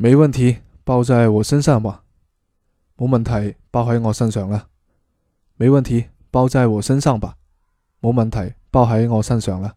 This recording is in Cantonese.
沒問題，包在我身上吧。冇問題，包喺我身上啦。沒問題，包在我身上吧。冇問題，包喺我身上啦。